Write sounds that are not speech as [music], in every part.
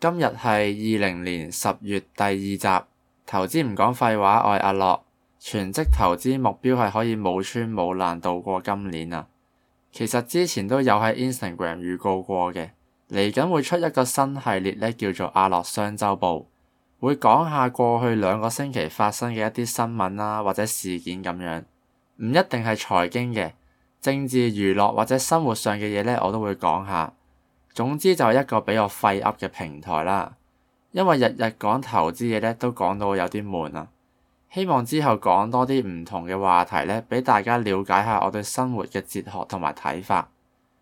今日係二零年十月第二集，投資唔講廢話，我係阿樂，全職投資目標係可以冇穿冇爛度過今年啊！其實之前都有喺 Instagram 預告過嘅，嚟緊會出一個新系列咧，叫做《阿樂雙週報》，會講下過去兩個星期發生嘅一啲新聞啦、啊，或者事件咁樣，唔一定係財經嘅，政治、娛樂或者生活上嘅嘢咧，我都會講下。總之就係一個比較廢噏嘅平台啦，因為日日講投資嘢咧都講到有啲悶啊。希望之後講多啲唔同嘅話題咧，俾大家了解下我對生活嘅哲學同埋睇法。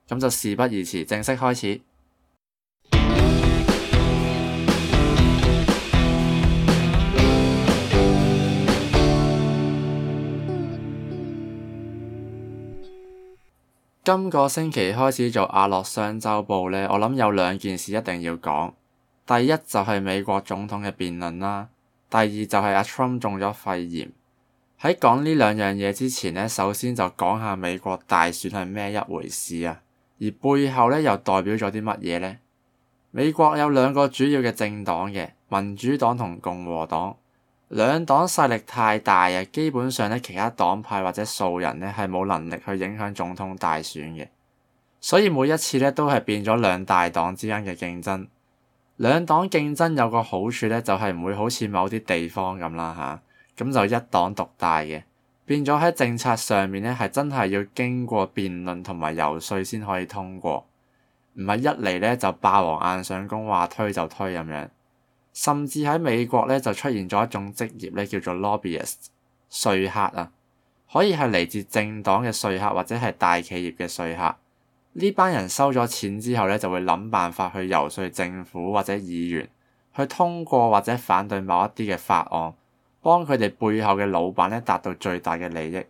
咁就事不宜遲，正式開始。今個星期開始做阿樂商周報呢，我諗有兩件事一定要講。第一就係美國總統嘅辯論啦，第二就係阿 Trump 中咗肺炎。喺講呢兩樣嘢之前呢，首先就講下美國大選係咩一回事啊，而背後呢，又代表咗啲乜嘢呢？美國有兩個主要嘅政黨嘅，民主黨同共和黨。兩黨勢力太大啊，基本上咧其他黨派或者素人咧係冇能力去影響總統大選嘅，所以每一次咧都係變咗兩大黨之間嘅競爭。兩黨競爭有個好處咧，就係唔會好似某啲地方咁啦吓，咁、啊、就一黨獨大嘅，變咗喺政策上面咧係真係要經過辯論同埋遊說先可以通過，唔係一嚟咧就霸王硬上弓，話推就推咁樣。甚至喺美國咧就出現咗一種職業咧，叫做 lobbyist，說客啊，可以係嚟自政黨嘅說客或者係大企業嘅說客。呢班人收咗錢之後咧，就會諗辦法去游說政府或者議員去通過或者反對某一啲嘅法案，幫佢哋背後嘅老闆咧達到最大嘅利益。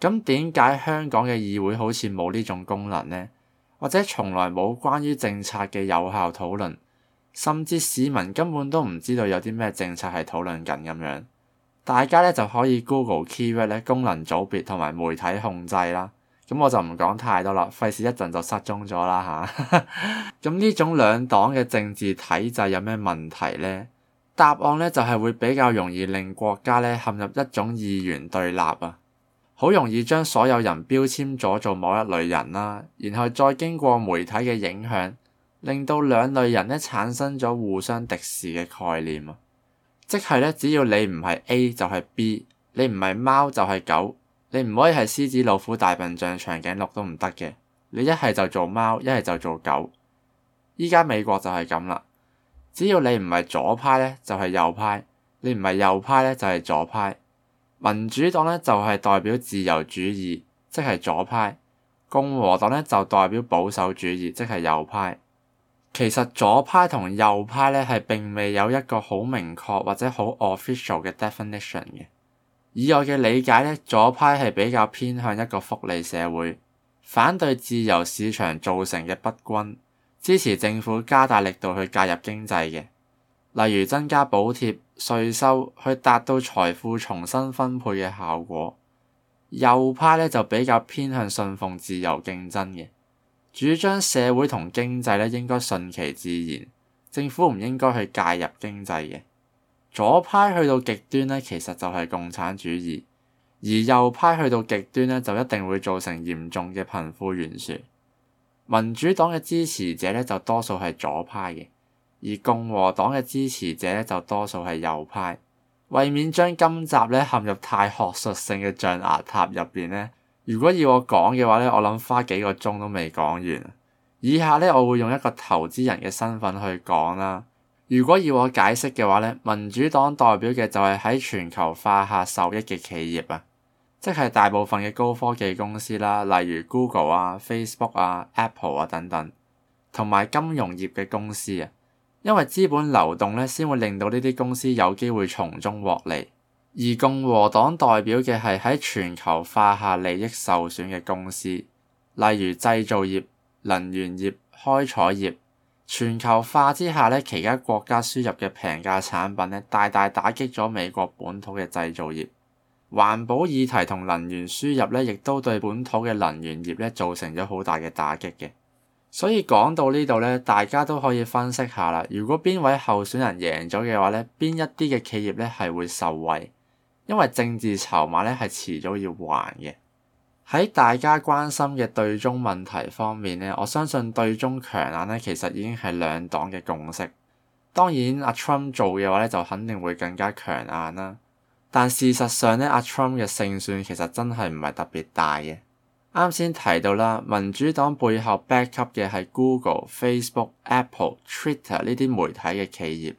咁點解香港嘅議會好似冇呢種功能呢？或者從來冇關於政策嘅有效討論？甚至市民根本都唔知道有啲咩政策係討論緊咁樣，大家咧就可以 Google keyword 咧功能組別同埋媒體控制啦。咁我就唔講太多啦，費事一陣就失蹤咗啦嚇。咁 [laughs] 呢種兩黨嘅政治體制有咩問題呢？答案咧就係會比較容易令國家咧陷入一種二元對立啊，好容易將所有人標籤咗做某一類人啦，啊，然後再經過媒體嘅影響。令到兩類人咧產生咗互相敵視嘅概念啊，即係咧，只要你唔係 A 就係 B，你唔係貓就係狗，你唔可以係獅子、老虎、大笨象、長頸鹿都唔得嘅。你一係就做貓，一係就做狗。依家美國就係咁啦，只要你唔係左派咧，就係右派；你唔係右派咧，就係左派。民主黨咧就係代表自由主義，即係左派；共和黨咧就代表保守主義，即係右派。其實左派同右派咧係並未有一個好明確或者好 official 嘅 definition 嘅。以我嘅理解咧，左派係比較偏向一個福利社會，反對自由市場造成嘅不均，支持政府加大力度去介入經濟嘅，例如增加補貼、稅收去達到財富重新分配嘅效果。右派咧就比較偏向信奉自由競爭嘅。主張社會同經濟咧應該順其自然，政府唔應該去介入經濟嘅。左派去到極端咧，其實就係共產主義；而右派去到極端咧，就一定會造成嚴重嘅貧富懸殊。民主黨嘅支持者咧就多數係左派嘅，而共和黨嘅支持者咧就多數係右派。為免將今集咧陷入太學術性嘅象牙塔入邊咧。如果要我講嘅話咧，我諗花幾個鐘都未講完。以下咧，我會用一個投資人嘅身份去講啦。如果要我解釋嘅話咧，民主黨代表嘅就係喺全球化下受益嘅企業啊，即係大部分嘅高科技公司啦，例如 Google 啊、Facebook 啊、Apple 啊等等，同埋金融業嘅公司啊，因為資本流動咧，先會令到呢啲公司有機會從中獲利。而共和黨代表嘅係喺全球化下利益受損嘅公司，例如製造業、能源業、開採業。全球化之下咧，其他國家輸入嘅平價產品咧，大大打擊咗美國本土嘅製造業。環保議題同能源輸入咧，亦都對本土嘅能源業咧造成咗好大嘅打擊嘅。所以講到呢度咧，大家都可以分析下啦。如果邊位候選人贏咗嘅話咧，邊一啲嘅企業咧係會受惠？因為政治籌碼咧係遲早要還嘅。喺大家關心嘅對中問題方面咧，我相信對中強硬咧其實已經係兩黨嘅共識。當然阿 Trump 做嘅話咧就肯定會更加強硬啦。但事實上咧阿 Trump 嘅勝算其實真係唔係特別大嘅。啱先提到啦，民主黨背後 back up 嘅係 Google、Facebook、Apple、Twitter 呢啲媒體嘅企業。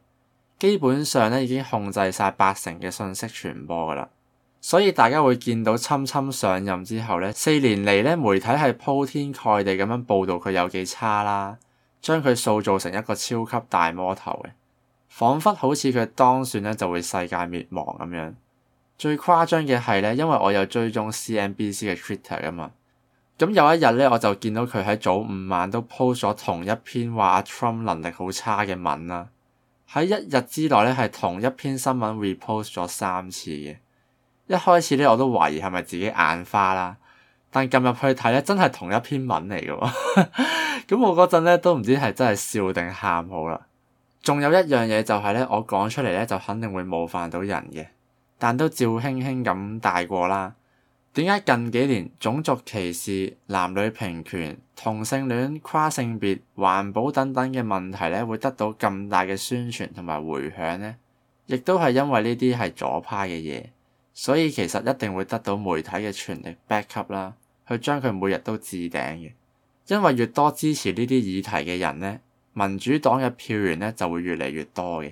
基本上咧已經控制晒八成嘅信息傳播噶啦，所以大家會見到侵侵上任之後咧，四年嚟咧媒體係鋪天蓋地咁樣報導佢有幾差啦，將佢塑造成一個超級大魔頭嘅，彷彿好似佢當選咧就會世界滅亡咁樣。最誇張嘅係咧，因為我有追蹤 CNBC 嘅 Twitter 啊嘛，咁有一日咧我就見到佢喺早午晚都 po 咗同一篇話 Trump 能力好差嘅文啦。喺一日之內咧，係同一篇新聞 repost 咗三次嘅。一開始咧，我都懷疑係咪自己眼花啦。但撳入去睇咧，真係同一篇文嚟嘅。咁 [laughs] 我嗰陣咧都唔知係真係笑定喊好啦。仲有一樣嘢就係咧，我講出嚟咧就肯定會冒犯到人嘅，但都照輕輕咁帶過啦。點解近幾年種族歧視、男女平權、同性戀、跨性別、環保等等嘅問題咧，會得到咁大嘅宣傳同埋迴響咧？亦都係因為呢啲係左派嘅嘢，所以其實一定會得到媒體嘅全力 back up 啦，去將佢每日都置頂嘅。因為越多支持呢啲議題嘅人咧，民主黨嘅票源咧就會越嚟越多嘅。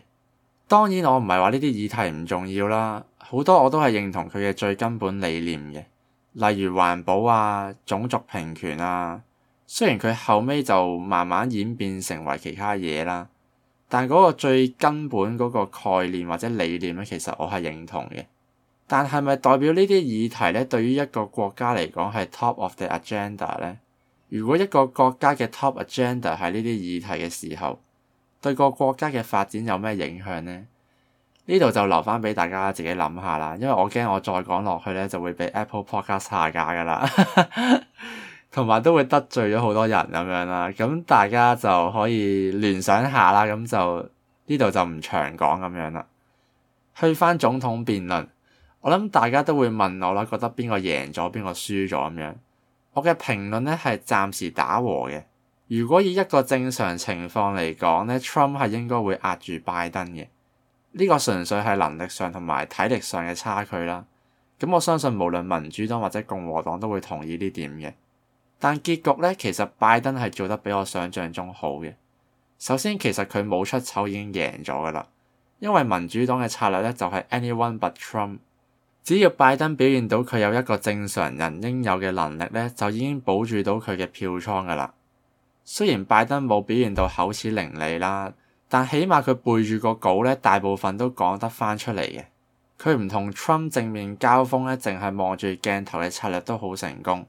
當然，我唔係話呢啲議題唔重要啦，好多我都係認同佢嘅最根本理念嘅。例如環保啊、種族平權啊，雖然佢後尾就慢慢演變成為其他嘢啦，但嗰個最根本嗰個概念或者理念咧、啊，其實我係認同嘅。但係咪代表呢啲議題咧，對於一個國家嚟講係 top of the agenda 咧？如果一個國家嘅 top agenda 係呢啲議題嘅時候，對個國家嘅發展有咩影響咧？呢度就留翻俾大家自己諗下啦，因為我驚我再講落去咧就會俾 Apple Podcast 下架噶啦，同 [laughs] 埋都會得罪咗好多人咁樣啦。咁大家就可以聯想下啦，咁就呢度就唔長講咁樣啦。去翻總統辯論，我諗大家都會問我啦，覺得邊個贏咗，邊個輸咗咁樣。我嘅評論咧係暫時打和嘅。如果以一個正常情況嚟講咧，Trump 係應該會壓住拜登嘅。呢個純粹係能力上同埋體力上嘅差距啦。咁我相信無論民主黨或者共和黨都會同意呢點嘅。但結局咧，其實拜登係做得比我想象中好嘅。首先，其實佢冇出醜已經贏咗㗎啦，因為民主黨嘅策略咧就係 anyone but Trump。只要拜登表現到佢有一個正常人應有嘅能力咧，就已經保住到佢嘅票倉㗎啦。雖然拜登冇表現到口齒伶俐啦。但起碼佢背住個稿咧，大部分都講得返出嚟嘅。佢唔同 Trump 正面交鋒咧，淨係望住鏡頭嘅策略都好成功。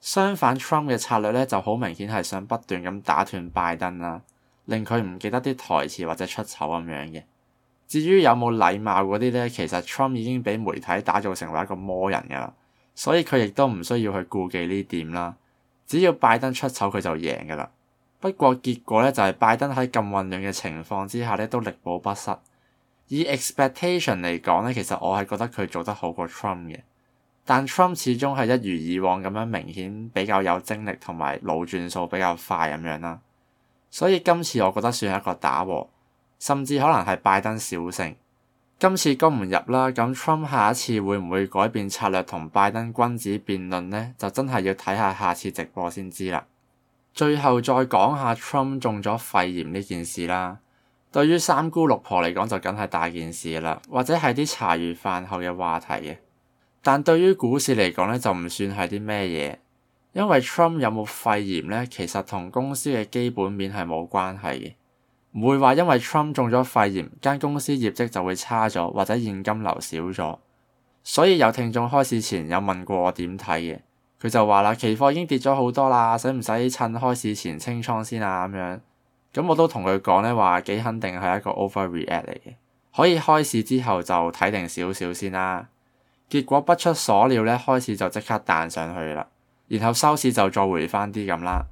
相反，Trump 嘅策略咧就好明顯係想不斷咁打斷拜登啦，令佢唔記得啲台詞或者出醜咁樣嘅。至於有冇禮貌嗰啲咧，其實 Trump 已經俾媒體打造成為一個魔人噶啦，所以佢亦都唔需要去顧忌呢點啦。只要拜登出醜，佢就贏噶啦。不過結果咧，就係拜登喺咁混亂嘅情況之下咧，都力保不失。以 expectation 嚟講咧，其實我係覺得佢做得好過 Trump 嘅，但 Trump 始終係一如以往咁樣明顯比較有精力同埋腦轉數比較快咁樣啦。所以今次我覺得算係一個打和，甚至可能係拜登小勝。今次攻唔入啦，咁 Trump 下一次會唔會改變策略同拜登君子辯論咧？就真係要睇下下次直播先知啦。最後再講下 Trump 中咗肺炎呢件事啦，對於三姑六婆嚟講就梗係大件事啦，或者係啲茶餘飯後嘅話題嘅。但對於股市嚟講咧就唔算係啲咩嘢，因為 Trump 有冇肺炎咧，其實同公司嘅基本面係冇關係嘅，唔會話因為 Trump 中咗肺炎間公司業績就會差咗或者現金流少咗。所以有聽眾開始前有問過我點睇嘅。佢就話啦，期貨已經跌咗好多啦，使唔使趁開市前清倉先啊咁樣？咁我都同佢講咧，話幾肯定係一個 overreact 嚟嘅，可以開市之後就睇定少少先啦。結果不出所料咧，開市就即刻彈上去啦，然後收市就再回翻啲咁啦。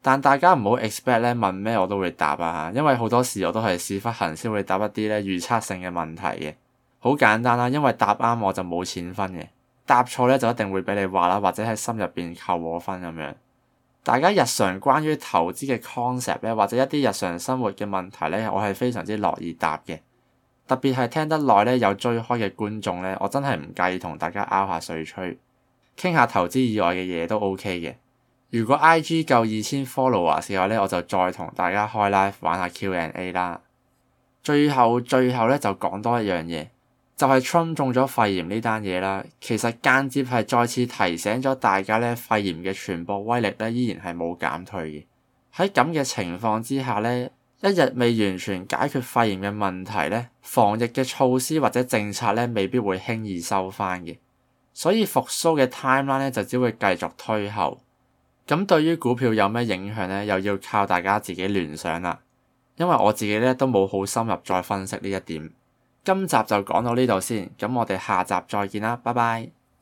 但大家唔好 expect 咧，問咩我都會答啊，因為好多時我都係屎忽痕先會答一啲咧預測性嘅問題嘅。好簡單啦，啊，因為答啱我就冇錢分嘅。答錯咧就一定會俾你話啦，或者喺心入邊扣我分咁樣。大家日常關於投資嘅 concept 咧，或者一啲日常生活嘅問題咧，我係非常之樂意答嘅。特別係聽得耐咧有追開嘅觀眾咧，我真係唔介意同大家拗下水吹，傾下投資以外嘅嘢都 OK 嘅。如果 IG 夠二千 follower 嘅話咧，我就再同大家開 live 玩下 Q&A 啦。最後最後咧就講多一樣嘢。就係 Trump 中咗肺炎呢單嘢啦，其實間接係再次提醒咗大家咧，肺炎嘅傳播威力咧依然係冇減退嘅。喺咁嘅情況之下咧，一日未完全解決肺炎嘅問題咧，防疫嘅措施或者政策咧未必會輕易收返嘅。所以復甦嘅 timeline 咧就只會繼續推後。咁對於股票有咩影響咧，又要靠大家自己聯想啦。因為我自己咧都冇好深入再分析呢一點。今集就講到呢度先，咁我哋下集再見啦，拜拜。